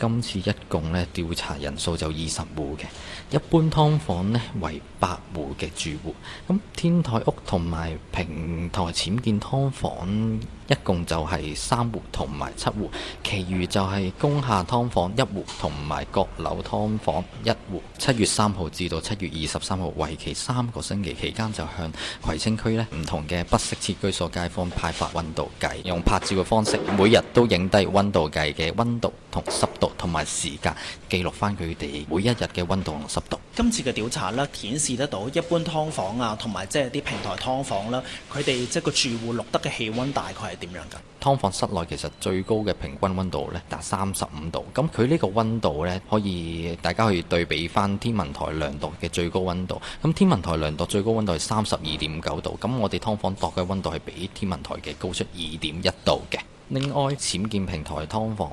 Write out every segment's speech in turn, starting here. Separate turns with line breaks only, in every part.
今次一共咧調查人數就二十戶嘅，一般劏房咧為八戶嘅住戶，咁天台屋同埋平台僭建劏房一共就係三戶同埋七戶，其餘就係工廈劏房一戶同埋閣樓劏房一戶。七月三號至到七月二十三號，為期三個星期期間就向葵青區咧唔同嘅不適切居所街坊派發温度計，用拍照嘅方式，每日都影低温度計嘅温度同濕度。同埋時間記錄翻佢哋每一日嘅溫度同濕度。
今次嘅調查呢，顯示得到一般劏房啊，同埋即係啲平台劏房啦、啊，佢哋即係個住戶錄得嘅氣溫大概係點樣㗎？
劏房室內其實最高嘅平均溫度呢，達三十五度，咁佢呢個溫度呢，可以大家可以對比翻天文台量度嘅最高溫度。咁天文台量度最高溫度係三十二點九度，咁我哋劏房度嘅溫度係比天文台嘅高出二點一度嘅。另外，僭建平台劏房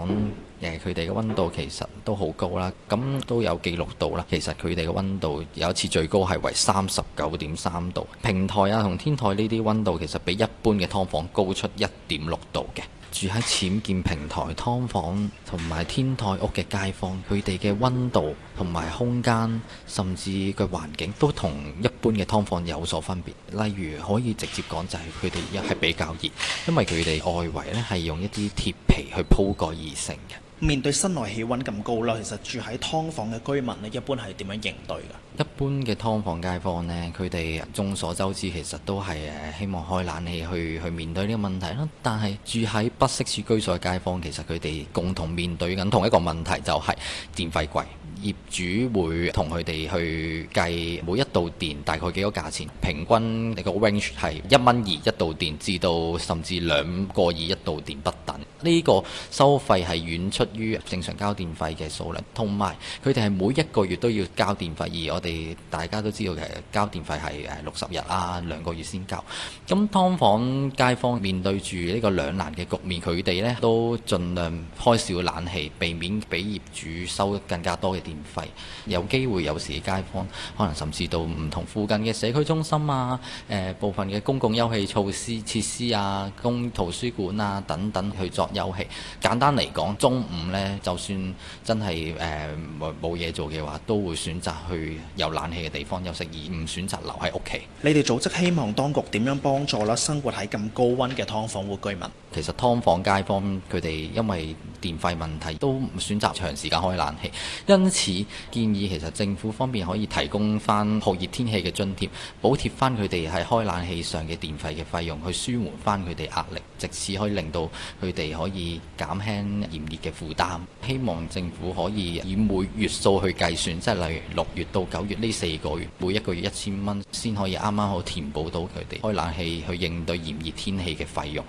誒，佢哋嘅温度其實都好高啦，咁都有記錄到啦。其實佢哋嘅温度有一次最高係為三十九點三度，平台啊同天台呢啲温度其實比一般嘅劏房高出一點六度嘅。住喺僭建平台劏房同埋天台屋嘅街坊，佢哋嘅温度同埋空間，甚至個環境都同一般嘅劏房有所分別。例如可以直接講，就係佢哋一係比較熱，因為佢哋外圍呢係用一啲鐵皮去鋪蓋而成嘅。
面對室內氣温咁高啦，其實住喺劏房嘅居民咧，一般係點樣應對㗎？一
般嘅劏房街坊呢，佢哋眾所周知，其實都係誒希望開冷氣去去面對呢個問題啦。但係住喺不適切居所嘅街坊，其實佢哋共同面對緊同一個問題，就係電費貴。業主會同佢哋去計每一度電大概幾多價錢，平均你個 range 係一蚊二一度電，至到甚至兩個二一度電不等。呢個收費係遠出於正常交電費嘅數量，同埋佢哋係每一個月都要交電費，而我哋大家都知道嘅，交電費係誒六十日啊，兩個月先交。咁劏房街坊面對住呢個兩難嘅局面，佢哋咧都盡量開少冷氣，避免俾業主收更加多嘅電費，有機會有時街坊可能甚至到唔同附近嘅社區中心啊、誒、呃、部分嘅公共休憩措施設施啊、公圖書館啊等等去作。休氣，簡單嚟講，中午呢就算真係誒冇嘢做嘅話，都會選擇去有冷氣嘅地方休息，而唔選擇留喺屋企。你哋組織希望當局點樣幫助啦？生活喺咁高溫嘅劏房戶居民，其實劏房街坊佢哋因為電費問題都唔選擇長時間開冷氣，因此建議其實政府方面可以提供翻酷熱天氣嘅津貼，補貼翻佢哋係開冷氣上嘅電費嘅費用，去舒緩翻佢哋壓力，直至可以令到佢哋。可以減輕炎熱嘅負擔，希望政府可以以每月數去計算，即係例如六月到九月呢四個月，每一個月一千蚊，先可以啱啱好填補到佢哋開冷氣去應對炎熱天氣嘅費用。